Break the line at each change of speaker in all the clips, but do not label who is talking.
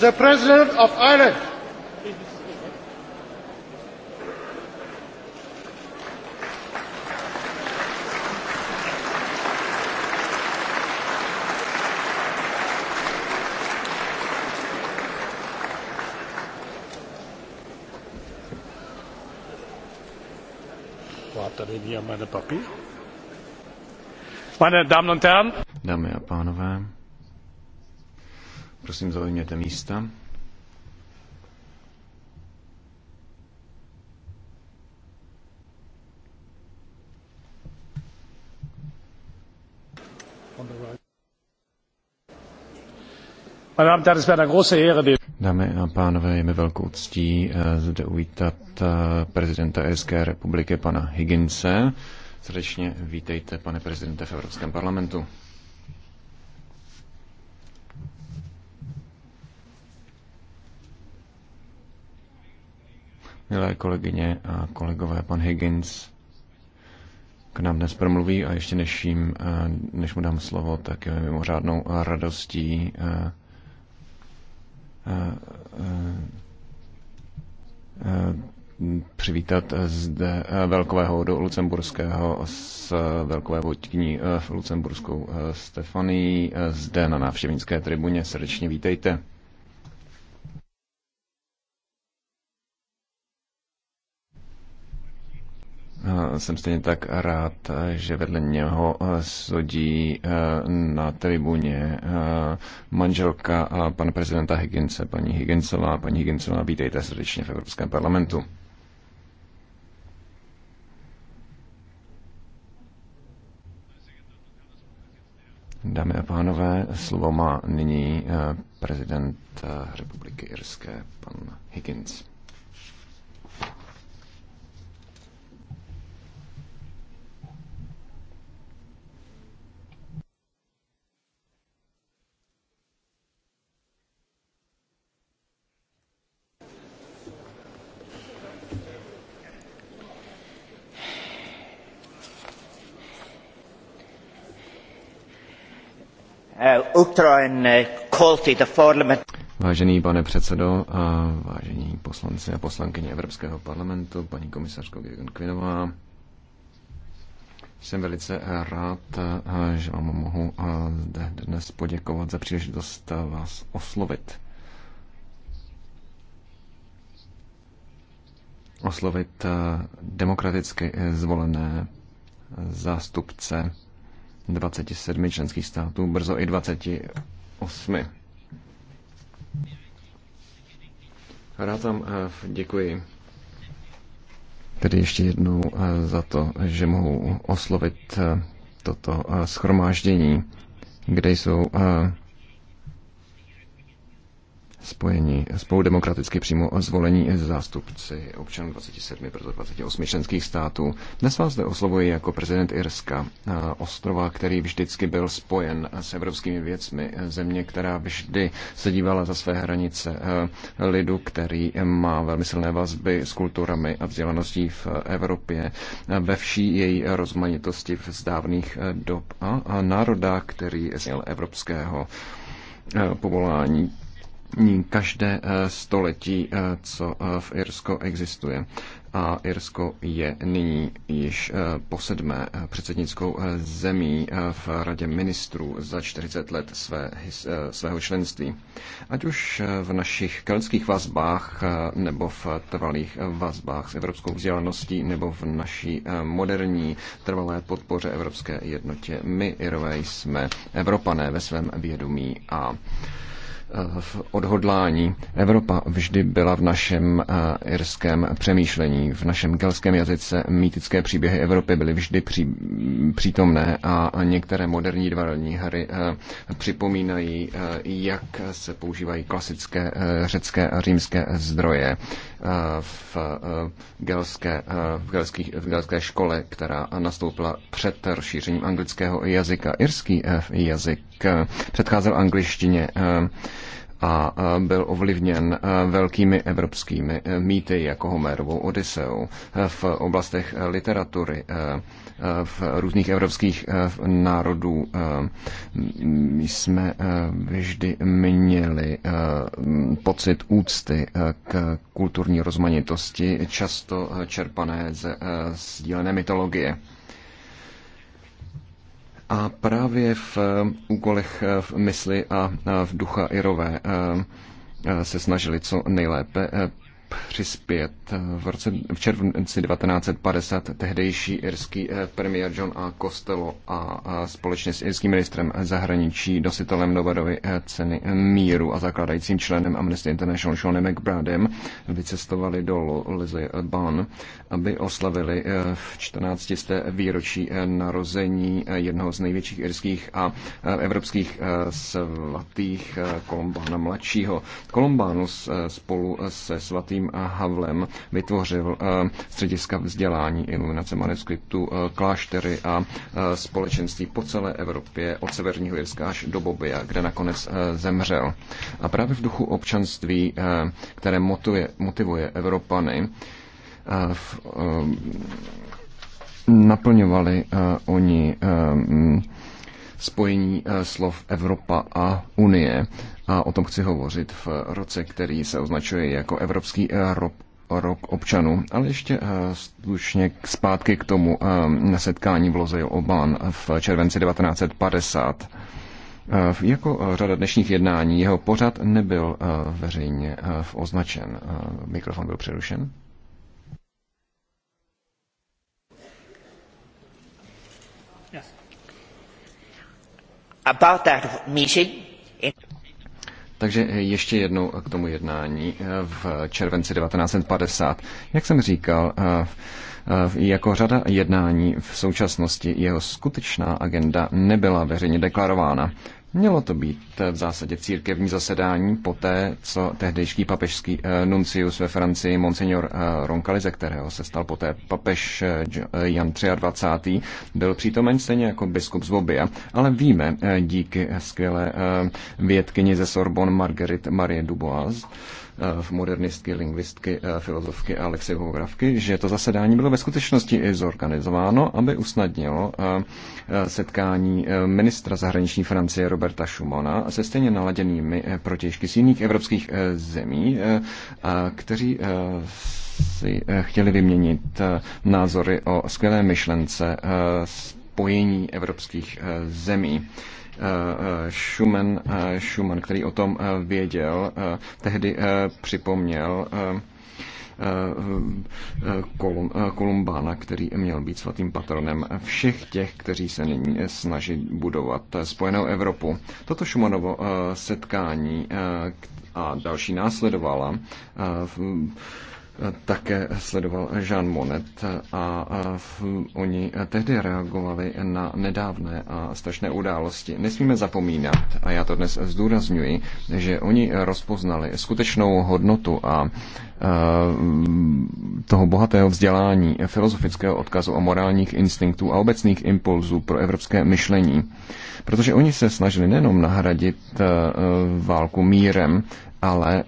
the President of Ireland. Meine Damen und Herren, Dámy a pánové, Prosím, zaujměte místa. Dámy a pánové, je mi velkou ctí eh, zde uvítat eh, prezidenta Irské republiky, pana Higginse. Srdečně vítejte, pane prezidente, v Evropském parlamentu. Milé kolegyně a kolegové, pan Higgins k nám dnes promluví a ještě než, jim, eh, než mu dám slovo, tak je mimořádnou radostí eh, eh, přivítat zde velkového do Lucemburského s velkové vodní v Lucemburskou Stefanii zde na návštěvnické tribuně. Srdečně vítejte. Eh, jsem stejně tak rád, eh, že vedle něho eh, sodí na tribuně manželka pana prezidenta Higginse, paní Higginsová. Paní Higginsová, vítejte srdečně v Evropském parlamentu. Dámy a pánové, slovo má nyní prezident Republiky Irské, pan Higgins. Uh, Vážený pane předsedo, a vážení poslanci a poslankyně Evropského parlamentu, paní komisařko Kvinová, jsem velice rád, že vám mohu eh, zde dnes poděkovat za příležitost eh, vás oslovit. Oslovit eh, demokraticky zvolené zástupce 27 členských států, brzo i 28. Rád vám eh, děkuji tedy ještě jednou eh, za to, že mohu oslovit eh, toto schromáždění, kde jsou spojení spolu demokraticky přímo zvolení zástupci občanů 27, proto 28 členských států. Dnes vás zde oslovuji jako prezident Irska, eh, ostrova, který vždycky byl spojen s evropskými věcmi, eh, země, která vždy se dívala za své hranice eh, lidu, který má velmi silné vazby s kulturami a vzdělaností v Evropě, ve vší její rozmanitosti v zdávných dob a národa, který je evropského povolání každé eh, století, eh, co eh, v Irsko existuje. A Irsko je nyní již po sedmé předsednickou zemí v Radě ministrů za 40 let své, svého členství. Ať už v našich keltských vazbách nebo v trvalých vazbách s evropskou vzdělaností nebo v naší moderní trvalé podpoře evropské jednotě, my Irové jsme Evropané ve svém vědomí a v odhodlání. Evropa vždy byla v našem eh, irském přemýšlení, v našem gelském jazyce. Mýtické příběhy Evropy byly vždy pří, přítomné a některé moderní divadelní hry eh, připomínají, eh, jak se používají klasické řecké a římské zdroje v gelské, v, gelský, v gelské škole, která nastoupila před rozšířením anglického jazyka. Irský jazyk předcházel angličtině a byl ovlivněn velkými evropskými e, mýty jako Homerovou Odiseou e, v oblastech literatury e, v různých evropských národů. My jsme vždy měli pocit úcty k kulturní rozmanitosti, často čerpané ze sdílené mytologie. A právě v eh, úkolech eh, v mysli a eh, v ducha Irové se snažili co nejlépe přispět. V, roce, v červenci 1950 tehdejší irský eh, premiér John A. Costello a společně s irským ministrem zahraničí dositelem Nobelovy eh, ceny míru a zakládajícím členem Amnesty International Seanem McBradem vycestovali do Lisbon, aby oslavili eh, v 14. výročí narození jednoho z největších irských a evropských svatých Kolumbána mladšího. Kolumbánus spolu se svatým Václavským Havlem vytvořil eh, střediska vzdělání, iluminace manuskriptů, eh, kláštery a eh, společenství po celé Evropě od severního Jirska až do Bobia, kde nakonec zemřel. A právě v duchu občanství, které motivuje, motivuje Evropany, naplňovali oni spojení slov Evropa a Unie a o tom chci hovořit v roce, který se označuje jako Evropský eh, rok rok občanů. Ale ještě eh, slušně zpátky k tomu eh, setkání v Loze Oban v červenci 1950. Jako řada dnešních jednání jeho pořad nebyl veřejně označen. Mikrofon byl přerušen.
About that meeting,
takže ještě jednou k tomu jednání eh, v červenci 1950. Jak jsem říkal, eh, eh, jako řada jednání v současnosti jeho skutečná agenda nebyla veřejně deklarována. Mělo to být v zásadě církevní zasedání po té, co tehdejší papežský eh, nuncius ve Francii, monsignor eh, Roncalli, ze kterého se stal poté papež eh, Jan 23. byl přítomen stejně jako biskup z Bobia, ale víme díky skvělé vědkyni ze Sorbon, Marguerite Marie Dubois, Eh, v modernistky, lingvistky, eh, filozofky a lexikografky, že to zasedání bylo ve skutečnosti i zorganizováno, aby usnadnilo eh, setkání ministra zahraniční Francie Roberta Schumona se stejně naladěnými protěžky z jiných evropských zemí, kteří si chtěli vyměnit názory o skvělé myšlence spojení evropských zemí. Schumann, Schumann, který o tom eh, věděl, eh, tehdy eh, připomněl Kolumbána, který měl být svatým patronem všech těch, kteří se nyní snaží budovat spojenou Evropu. Toto Šumanovo setkání a další následovala také sledoval Jean Monnet a oni tehdy reagovali na nedávné a strašné události. Nesmíme zapomínat, a já to dnes zdůrazňuji, že oni rozpoznali skutečnou hodnotu a toho bohatého vzdělání, filozofického odkazu a morálních instinktů a obecných impulzů pro evropské myšlení. Protože oni se snažili nejenom nahradit e, e, válku mírem, ale e,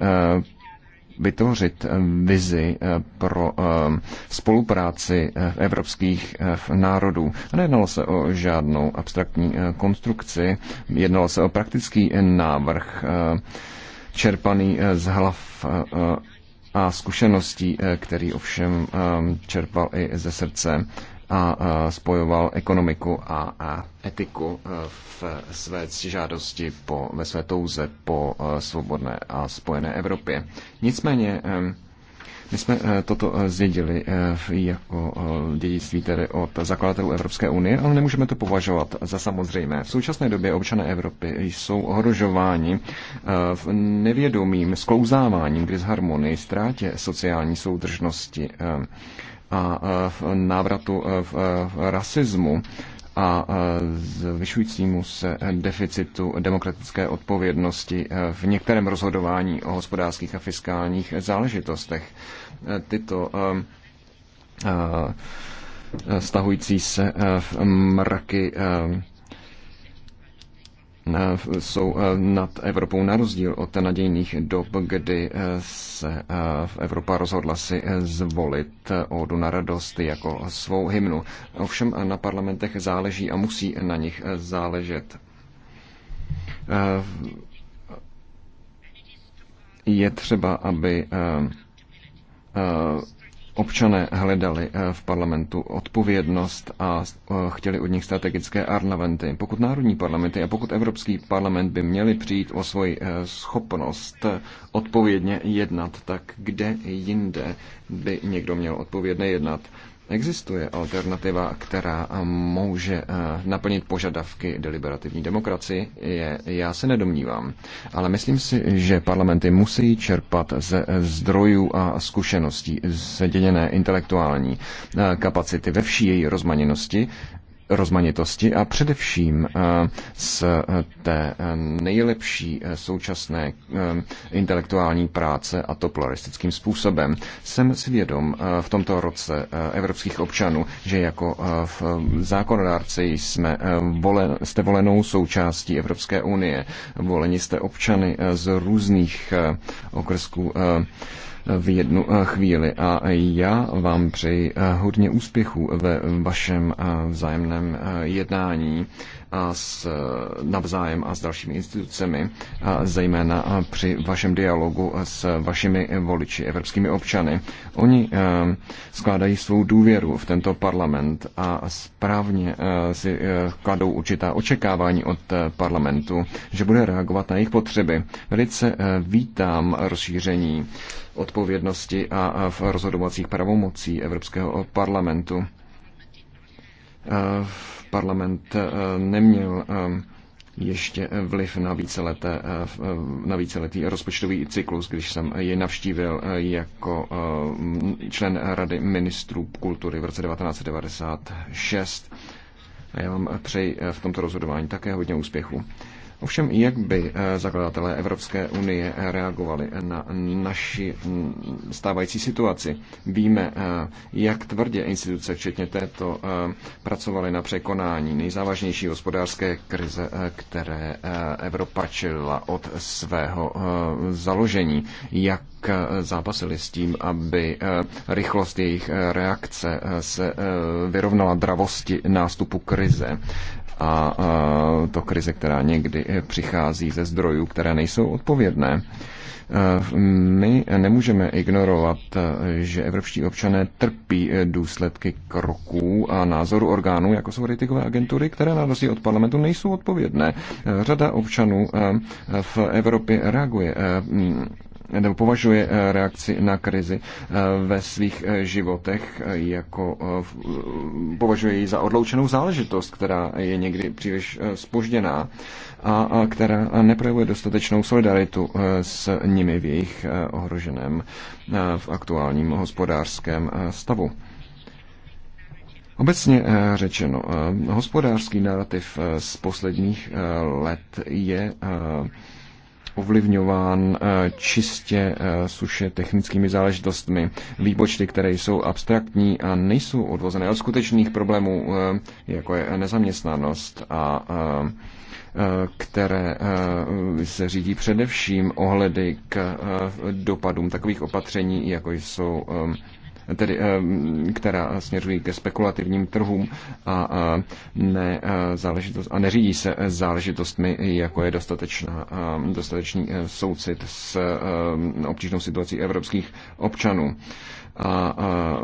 vytvořit eh, vizi eh, pro eh, spolupráci evropských národů. A nejednalo se o žádnou abstraktní konstrukci, jednalo se o praktický návrh čerpaný z hlav a zkušeností, který ovšem čerpal i ze srdce a spojoval ekonomiku a, etiku e, v své žádosti po, ve své touze po e, svobodné a spojené Evropě. Nicméně e, my jsme toto zvěděli jako dědictví tedy od zakladatelů Evropské unie, ale nemůžeme to považovat za samozřejmé. V současné době občané Evropy jsou ohrožováni v nevědomým sklouzáváním k disharmonii, ztrátě sociální soudržnosti a návratu e, e, v rasismu a e, zvyšujícímu se deficitu demokratické odpovědnosti v některém rozhodování o hospodářských a fiskálních záležitostech. Tyto stahující se v mraky Eh, jsou eh, nad Evropou na rozdíl od nadějných dob, kdy eh, se Evropa rozhodla si zvolit Odu na radost jako svou hymnu. Ovšem na parlamentech záleží a musí na nich záležet. Je třeba, aby občané hledali eh, v parlamentu odpovědnost a eh, chtěli od nich strategické arnamenty. Pokud národní parlamenty a pokud Evropský parlament by měli přijít o svoji eh, schopnost odpovědně jednat, tak kde jinde by někdo měl odpovědně jednat? Existuje alternativa, která může eh, naplnit požadavky deliberativní demokracie, Je, já se nedomnívám, ale myslím si, že parlamenty musí čerpat ze zdrojů a zkušeností zeděněné intelektuální eh, kapacity ve vší její rozmaněnosti, rozmanitosti a především eh, z eh, té eh, nejlepší současné intelektuální práce a to pluralistickým způsobem. Jsem si vědom v tomto roce evropských občanů, že jako zákonodárci jsme volen, jste volenou součástí Evropské unie. Voleni jste občany z různých okrsků v jednu eh, chvíli. A já vám přeji eh, hodně úspěchů ve vašem eh, vzájemném jednání a s navzájem a s dalšími institucemi, a zejména při vašem dialogu s vašimi voliči, evropskými občany. Oni skládají svou důvěru v tento parlament a správně si kladou určitá očekávání od parlamentu, že bude reagovat na jejich potřeby. Velice vítám rozšíření odpovědnosti a v rozhodovacích pravomocí Evropského parlamentu. E, parlament e, neměl e, ještě vliv na, víceleté, na víceletý rozpočtový cyklus, když jsem ji navštívil jako člen Rady ministrů kultury v roce 1996. A já vám přeji v tomto rozhodování také hodně úspěchu. Ovšem, jak by eh, zakladatelé Evropské unie eh, reagovali na naši mm, stávající situaci? Víme, eh, jak tvrdě instituce, včetně této, pracovaly na překonání nejzávažnější hospodářské krize, které Evropa čelila od svého založení. Jak zápasili s tím, aby rychlost jejich reakce se vyrovnala dravosti nástupu krize a to krize, která někdy přichází ze zdrojů, které nejsou odpovědné. E, my nemůžeme ignorovat, e, že evropští občané trpí e, důsledky kroků a názoru orgánů, jako jsou ratingové agentury, které na rozdíl od parlamentu nejsou odpovědné. Řada občanů v Evropě reaguje nebo považuje eh, reakci na krizi eh, ve svých eh, životech jako považuje ji za odloučenou záležitost, která je někdy příliš spožděná a která neprojevuje dostatečnou solidaritu s nimi v jejich ohroženém v aktuálním hospodářském stavu. Obecně řečeno, hospodářský narrativ z posledních let je ovlivňován eh, čistě eh, suše technickými záležitostmi. Výpočty, které jsou abstraktní a nejsou odvozené od skutečných problémů, eh, jako je nezaměstnanost a které se řídí především ohledy k dopadům takových opatření, jako jsou tedy, která směřují ke spekulativním trhům a, ne, e, záležitost, a neřídí se záležitostmi, jako je dostatečná, dostatečný e, soucit s obtížnou situací evropských občanů. A, a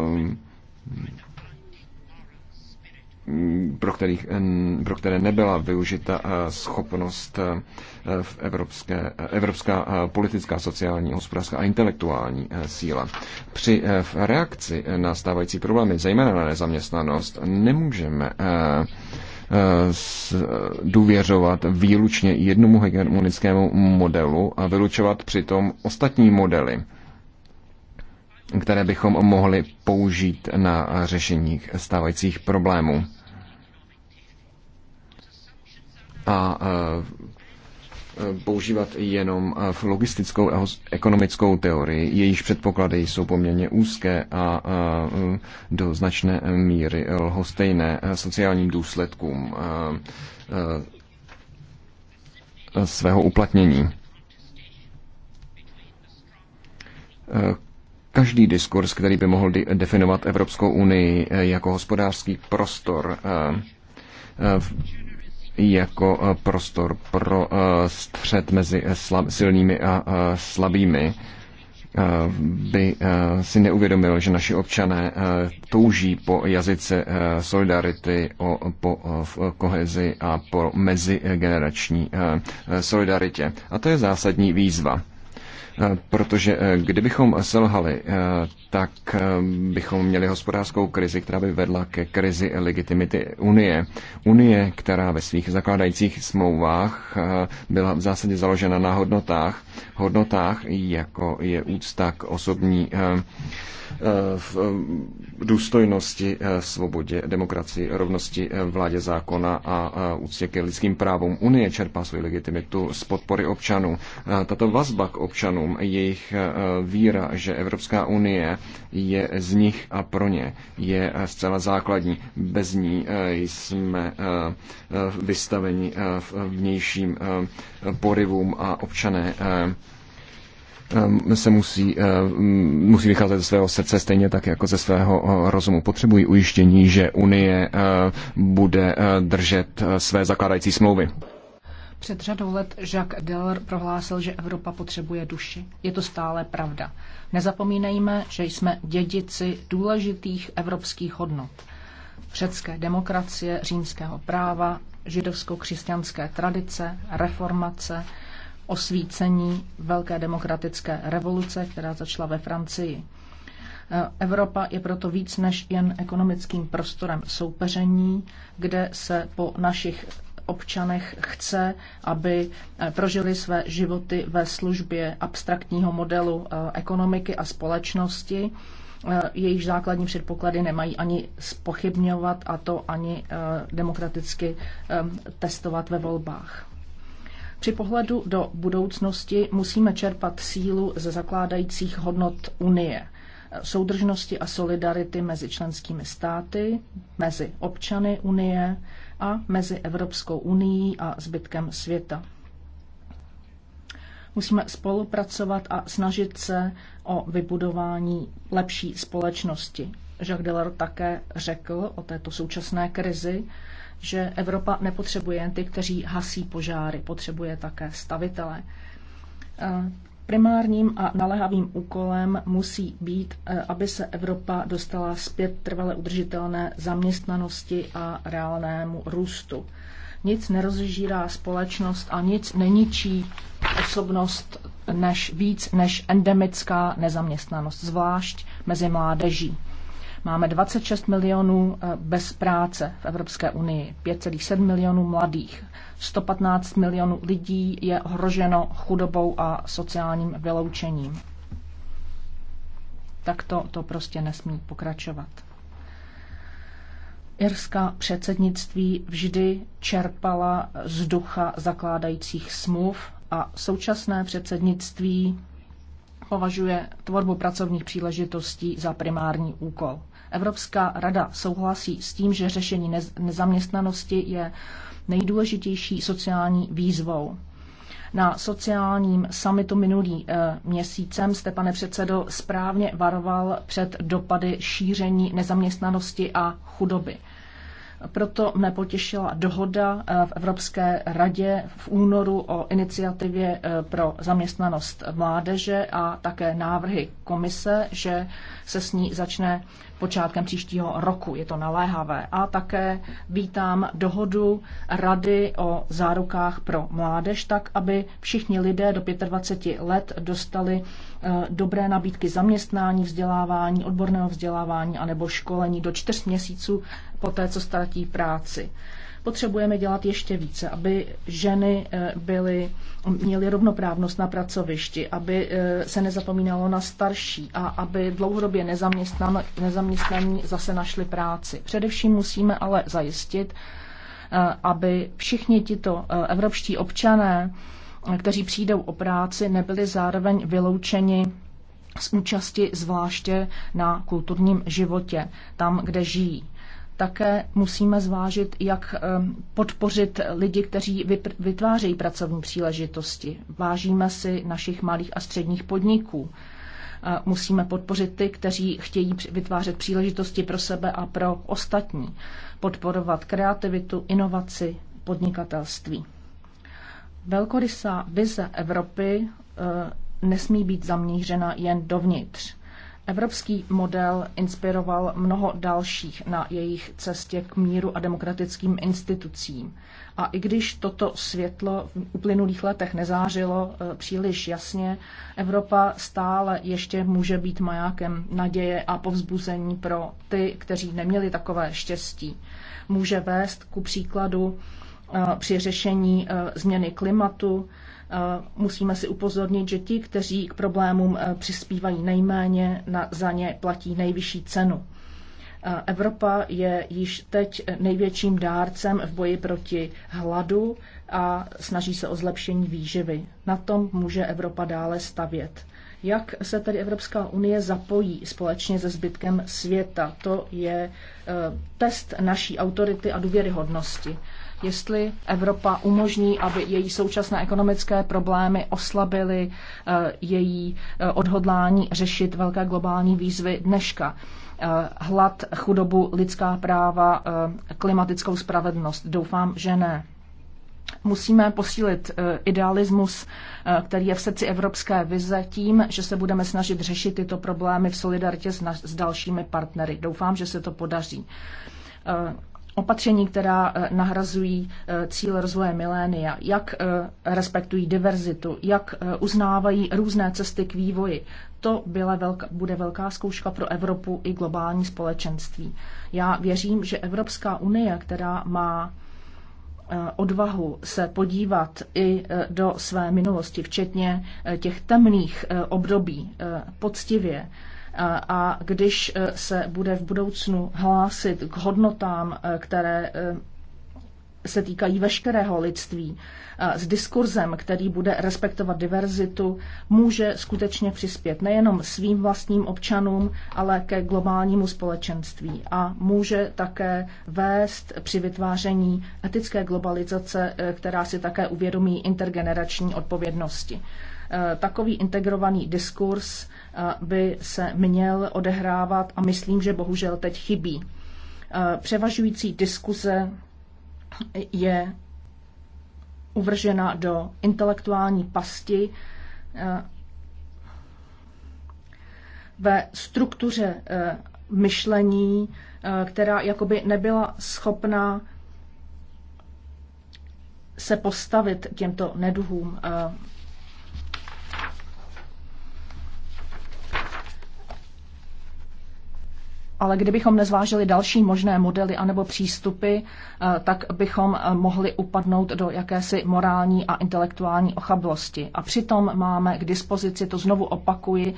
Mm, pro, kterých, pro které nebyla využita eh, schopnost eh, v evropské, eh, evropská politická, sociální, hospodářská a intelektuální síla. Při v reakci na stávající problémy, zejména na nezaměstnanost, nemůžeme důvěřovat výlučně jednomu hegemonickému modelu a vylučovat přitom ostatní modely které bychom mohli použít na řešení stávajících problémů. a používat jenom v logistickou a ekonomickou teorii. Jejíž předpoklady jsou poměrně úzké a do značné míry lhostejné sociálním důsledkům svého uplatnění. Každý diskurs, který by mohl definovat Evropskou unii jako hospodářský prostor, jako eh, prostor pro eh, střed mezi eh, silnými a slabými, by si neuvědomil, že naši občané touží po jazyce solidarity, po kohezi a po mezigenerační solidaritě. A to je zásadní výzva protože eh, kdybychom selhali, eh, tak eh, bychom měli hospodářskou krizi, která by vedla ke krizi legitimity Unie. Unie, která ve svých zakládajících smlouvách byla v zásadě založena na hodnotách, hodnotách jako je úcta k osobní Eh, v eh, důstojnosti, eh, svobodě, demokracii, rovnosti, vládě zákona a úctě k lidským právům. Unie čerpá svoji legitimitu z podpory občanů. Tato vazba k občanům, jejich víra, že Evropská unie je z nich a pro ně, je zcela základní. Bez ní jsme vystaveni vnějším porivům a občané Ehm, se musí, ehm, musí vycházet ze svého srdce stejně tak jako ze svého eh, rozumu. Potřebují ujištění, že Unie eh, bude eh, držet své zakládající smlouvy.
Před řadou let Jacques Delors prohlásil, že Evropa potřebuje duši. Je to stále pravda. Nezapomínejme, že jsme dědici důležitých evropských hodnot. Řecké demokracie, římského práva, židovsko-křesťanské tradice, reformace, osvícení velké demokratické revoluce, která začala ve Francii. Eh, Evropa je proto víc než jen ekonomickým prostorem soupeření, kde se po našich občanech chce, aby eh, prožili své životy ve službě abstraktního modelu eh, ekonomiky a společnosti, jejich základní předpoklady nemají ani spochybňovat a to ani demokraticky testovat ve volbách. Při pohledu do budoucnosti musíme čerpat sílu ze zakládajících hodnot Unie soudržnosti a solidarity mezi členskými státy, mezi občany Unie a mezi Evropskou unii a zbytkem světa. Musíme spolupracovat a snažit se o vybudování lepší společnosti. Jacques Delors také řekl o této současné krizi, že Evropa nepotřebuje jen ty, kteří hasí požáry, potřebuje také stavitele. Eh, primárním a naléhavým úkolem musí být, eh, aby se Evropa dostala zpět trvale udržitelné zaměstnanosti a reálnému růstu. Nic nerozžírá společnost a nic neničí osobnost než víc než endemická nezaměstnanost, zvlášť mezi mládeží. Máme 26 milionů eh, bez práce v Evropské unii, 5,7 milionů mladých, 115 milionů lidí je ohroženo chudobou a sociálním vyloučením. Tak to, to prostě nesmí pokračovat. Irská předsednictví vždy čerpala z ducha zakládajících smluv a současné předsednictví považuje tvorbu pracovních příležitostí za primární úkol. Evropská rada souhlasí s tím, že řešení nezaměstnanosti je nejdůležitější sociální výzvou. Na sociálním summitu minulý e, měsícem jste, pane předsedo, správně varoval před dopady šíření nezaměstnanosti a chudoby. Proto mne potěšila dohoda eh, v Evropské radě v únoru o iniciativě eh, pro zaměstnanost mládeže a také návrhy komise, že se s ní začne počátkem příštího roku. Je to naléhavé. A také vítám dohodu Rady o zárukách pro mládež, tak aby všichni lidé do 25 let dostali eh, dobré nabídky zaměstnání, vzdělávání, odborného vzdělávání anebo školení do čtyř měsíců po té, co ztratí práci potřebujeme dělat ještě více, aby ženy eh, byly, měly rovnoprávnost na pracovišti, aby eh, se nezapomínalo na starší a aby dlouhodobě nezaměstnaní zase našli práci. Především musíme ale zajistit, eh, aby všichni tito evropští občané, kteří přijdou o práci, nebyli zároveň vyloučeni z účasti zvláště na kulturním životě, tam, kde žijí. Také musíme zvážit, jak ehm, podpořit lidi, kteří vytvářejí pracovní příležitosti. Vážíme si našich malých a středních podniků. Eh, musíme podpořit ty, kteří chtějí vytvářet příležitosti pro sebe a pro ostatní. Podporovat kreativitu, inovaci, podnikatelství. Velkorysá vize Evropy eh, nesmí být zaměřena jen dovnitř Evropský model inspiroval mnoho dalších na jejich cestě k míru a demokratickým institucím. A i když toto světlo v uplynulých letech nezářilo eh, příliš jasně, Evropa stále ještě může být majákem naděje a povzbuzení pro ty, kteří neměli takové štěstí. Může vést ku příkladu eh, při řešení eh, změny klimatu, Eh, musíme si upozornit, že ti, kteří k problémům eh, přispívají nejméně, na, za ně platí nejvyšší cenu. Eh, Evropa je již teď největším dárcem v boji proti hladu a snaží se o zlepšení výživy. Na tom může Evropa dále stavět. Jak se tedy Evropská unie zapojí společně se zbytkem světa? To je test naší autority a důvěryhodnosti jestli Evropa umožní, aby její současné ekonomické problémy oslabily eh, její eh, odhodlání řešit velké globální výzvy dneška eh, hlad, chudobu, lidská práva, klimatickou spravedlnost. Doufám, že ne. Musíme posílit idealismus, který je v srdci evropské vize, tím, že se budeme snažit řešit tyto problémy v solidaritě s, s dalšími partnery. Doufám, že se to podaří opatření, která eh, nahrazují eh, cíl rozvoje milénia, jak eh, respektují diverzitu, jak uznávají různé cesty k vývoji. To byla velká, bude velká zkouška pro Evropu i globální společenství. Já věřím, že Evropská unie, která má odvahu se podívat i do své minulosti, včetně těch temných období, poctivě, a když e, se bude v budoucnu hlásit k hodnotám, e, které e, se týkají veškerého lidství, s diskurzem, který bude respektovat diverzitu, může skutečně přispět nejenom svým vlastním občanům, ale ke globálnímu společenství a může také vést při vytváření etické globalizace, která si také uvědomí intergenerační odpovědnosti. Takový integrovaný diskurs by se měl odehrávat a myslím, že bohužel teď chybí. Eh, převažující diskuze je uvržena do intelektuální pasti eh, ve struktuře eh, myšlení, která jakoby nebyla schopna se postavit těmto neduhům ale kdybychom nezvážili další možné modely anebo přístupy, eh, tak bychom eh, mohli upadnout do jakési morální a intelektuální ochablosti. A přitom máme k dispozici, to znovu opakuji,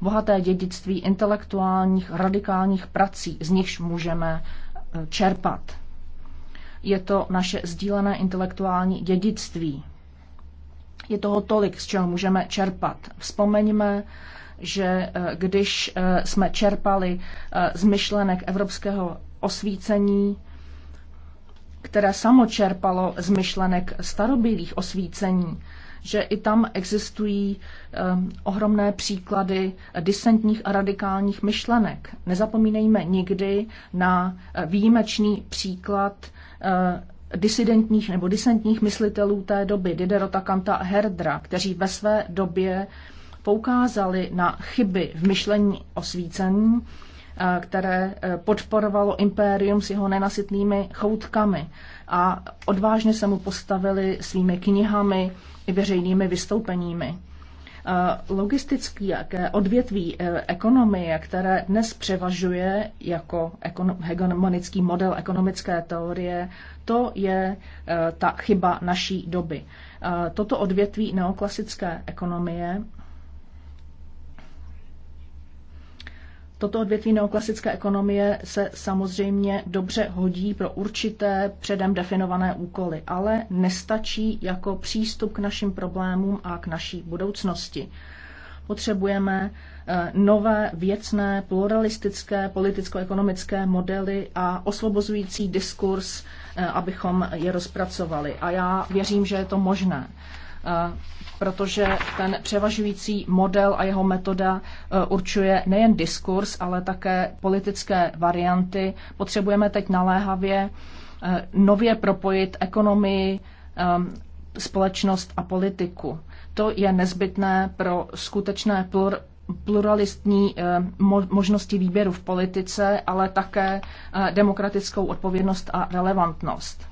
bohaté dědictví intelektuálních radikálních prací, z nichž můžeme eh, čerpat. Je to naše sdílené intelektuální dědictví. Je toho tolik, z čeho můžeme čerpat. Vzpomeňme že eh, když eh, jsme čerpali eh, z myšlenek evropského osvícení, které samo čerpalo z myšlenek starobylých osvícení, že i tam existují ohromné příklady disentních a radikálních myšlenek. Nezapomínejme nikdy na výjimečný příklad disidentních nebo disentních myslitelů té doby, Diderota, Kanta a Herdra, kteří ve své době uh, poukázali na chyby v myšlení osvícení, eh, které eh, podporovalo impérium s jeho nenasytnými choutkami a odvážně se mu postavili svými knihami i veřejnými vystoupeními. Eh, logistické odvětví ekonomie, které dnes převažuje jako hegemonický model ekonomické teorie, to je ta chyba naší doby. Toto odvětví neoklasické ekonomie Toto odvětví neoklasické ekonomie se samozřejmě dobře hodí pro určité předem definované úkoly, ale nestačí jako přístup k našim problémům a k naší budoucnosti. Potřebujeme eh, nové věcné, pluralistické, politicko-ekonomické modely a osvobozující diskurs, eh, abychom je rozpracovali. A já věřím, že je to možné. Eh, protože ten převažující model a jeho metoda eh, určuje nejen diskurs, ale také politické varianty. Potřebujeme teď naléhavě eh, nově propojit ekonomii, společnost a politiku. To je nezbytné pro skutečné plur, pluralistní možnosti výběru v politice, ale také demokratickou odpovědnost a relevantnost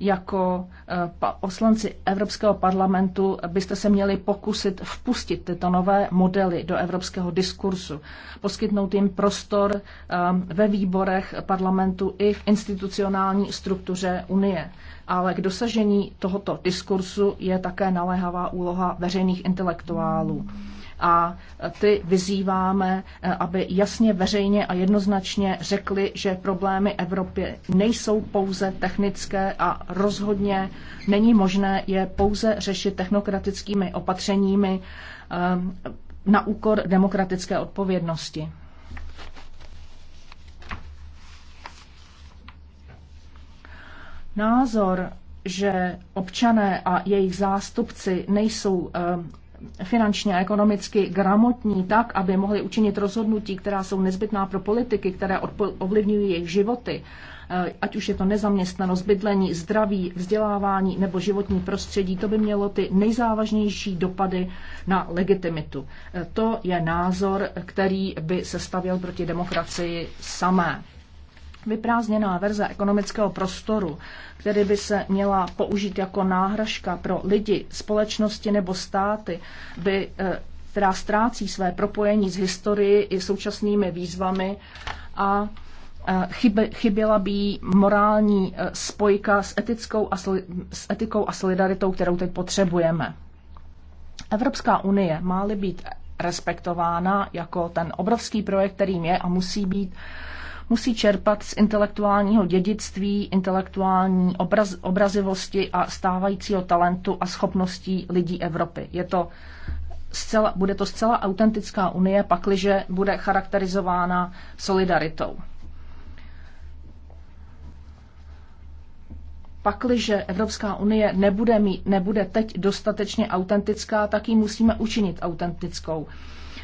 jako eh, poslanci Evropského parlamentu byste se měli pokusit vpustit tyto nové modely do evropského diskursu, poskytnout jim prostor eh, ve výborech parlamentu i v institucionální struktuře Unie. Ale k dosažení tohoto diskursu je také naléhavá úloha veřejných intelektuálů a ty vyzýváme, eh, aby jasně, veřejně a jednoznačně řekli, že problémy Evropy nejsou pouze technické a rozhodně není možné je pouze řešit technokratickými opatřeními eh, na úkor demokratické odpovědnosti. Názor že občané a jejich zástupci nejsou eh, finančně a ekonomicky gramotní tak, aby mohli učinit rozhodnutí, která jsou nezbytná pro politiky, které ovlivňují jejich životy, eh, ať už je to nezaměstnanost, bydlení, zdraví, vzdělávání nebo životní prostředí, to by mělo ty nejzávažnější dopady na legitimitu. Eh, to je názor, který by se stavěl proti demokracii samé vyprázdněná verze ekonomického prostoru, který by se měla použít jako náhražka pro lidi, společnosti nebo státy, by, eh, která ztrácí své propojení s historií i současnými výzvami a eh, chyběla by jí morální eh, spojka s, etickou a, s etikou a solidaritou, kterou teď potřebujeme. Evropská unie má-li být respektována jako ten obrovský projekt, kterým je a musí být, musí čerpat z intelektuálního dědictví, intelektuální obraz, obrazivosti a stávajícího talentu a schopností lidí Evropy. Je to zcela, bude to zcela autentická unie, pakliže bude charakterizována solidaritou. pakliže Evropská unie nebude, mít, nebude teď dostatečně autentická, tak ji musíme učinit autentickou.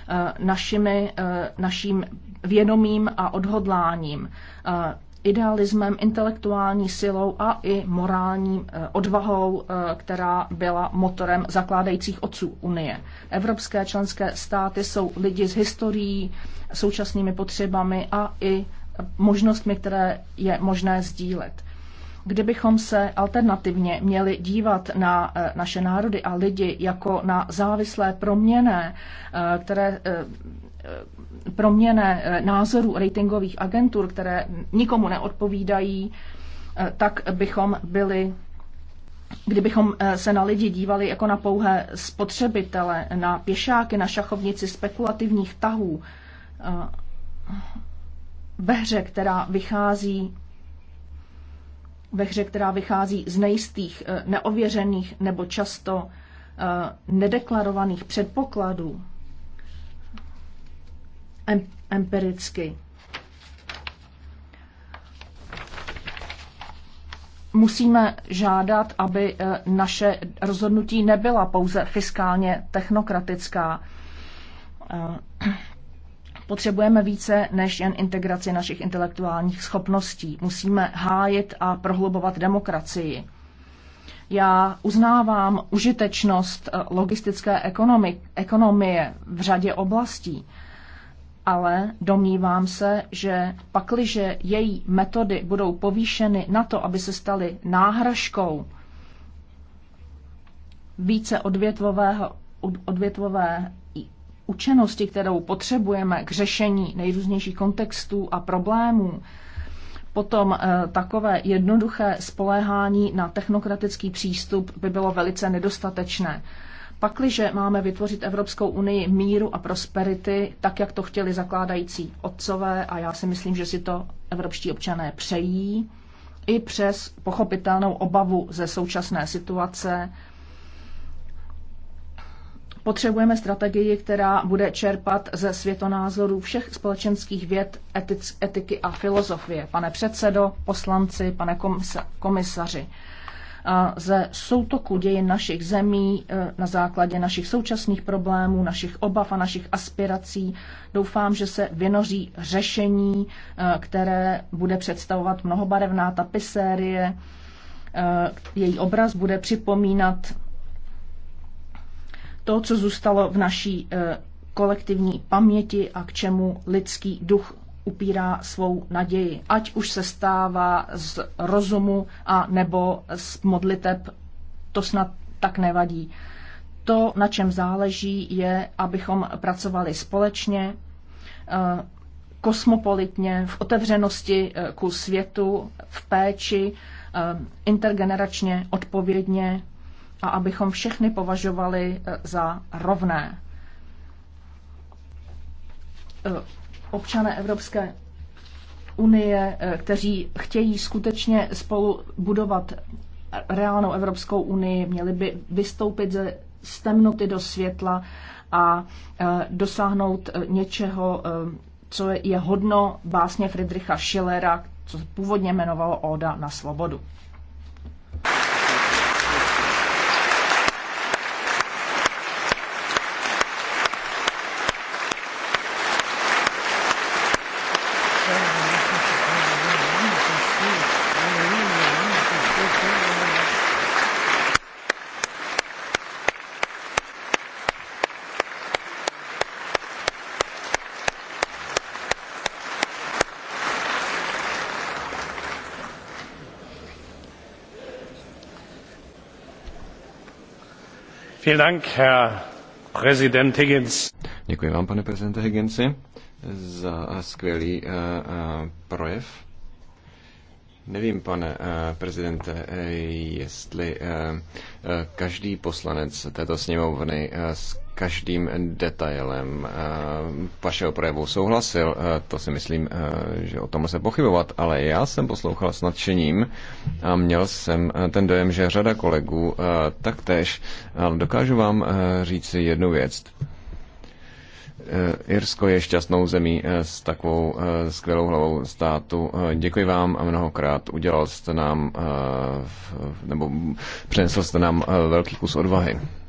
Eh, našimi, eh, naším vědomím a odhodláním, eh, idealismem, intelektuální silou a i morální odvahou, která byla motorem zakládajících otců Unie. Evropské členské státy jsou lidi s historií, současnými potřebami a i možnostmi, které je možné sdílet kdybychom se alternativně měli dívat na eh, naše národy a lidi jako na závislé proměné, eh, které eh, proměné názorů ratingových agentur, které nikomu neodpovídají, tak bychom byli kdybychom se na lidi dívali jako na pouhé spotřebitele, na pěšáky, na šachovnici spekulativních tahů ve hře, která vychází ve hře, která vychází z nejistých, eh, neověřených nebo často eh, nedeklarovaných předpokladů empiricky. Musíme žádat, aby eh, naše rozhodnutí nebyla pouze fiskálně technokratická Potřebujeme více než jen integraci našich intelektuálních schopností. Musíme hájit a prohlubovat demokracii. Já uznávám užitečnost eh, logistické ekonomik, ekonomie v řadě oblastí, ale domnívám se, že pakliže její metody budou povýšeny na to, aby se staly náhražkou více odvětvového, odvětvové učenosti, kterou potřebujeme k řešení nejrůznějších kontextů a problémů, potom eh, takové jednoduché spoléhání na technokratický přístup by bylo velice nedostatečné. Pakliže máme vytvořit Evropskou unii míru a prosperity, tak jak to chtěli zakládající otcové, a já si myslím, že si to evropští občané přejí, i přes pochopitelnou obavu ze současné situace, Potřebujeme strategii, která bude čerpat ze světonázorů všech společenských věd, etic, etiky a filozofie. Pane předsedo, poslanci, pane komisaři, ze soutoku dějin našich zemí e, na základě našich současných problémů, našich obav a našich aspirací. Doufám, že se vynoří řešení, e, které bude představovat mnohobarevná tapisérie. E, její obraz bude připomínat to, co zůstalo v naší eh, kolektivní paměti a k čemu lidský duch upírá svou naději, ať už se stává z rozumu a nebo z modliteb, to snad tak nevadí. To, na čem záleží, je, abychom pracovali společně, eh, kosmopolitně, v otevřenosti eh, ku světu, v péči, intergeneračně, odpovědně, a abychom všechny považovali eh, za rovné. Eh, občané Evropské unie, eh, kteří chtějí skutečně spolu budovat reálnou Evropskou unii, měli by vystoupit ze stemnoty do světla a dosáhnout něčeho, co je hodno básně Friedricha Schillera, co původně jmenovalo Oda na svobodu.
Děkuji vám, pane prezidente Higginsi, za skvělý uh, uh, projev. Nevím, pane uh, prezidente, jestli každý poslanec této sněmovny uh, každým detailem eh, vašeho projevu souhlasil. Eh, to si myslím, eh, že o tom se pochybovat, ale já jsem poslouchal s nadšením a měl jsem ten dojem, že řada kolegů taktéž. dokážu vám říct jednu věc. Irsko je šťastnou zemí s takovou skvělou hlavou státu. Děkuji vám a mnohokrát. Udělal jste nám, nebo přinesl jste nám velký kus odvahy.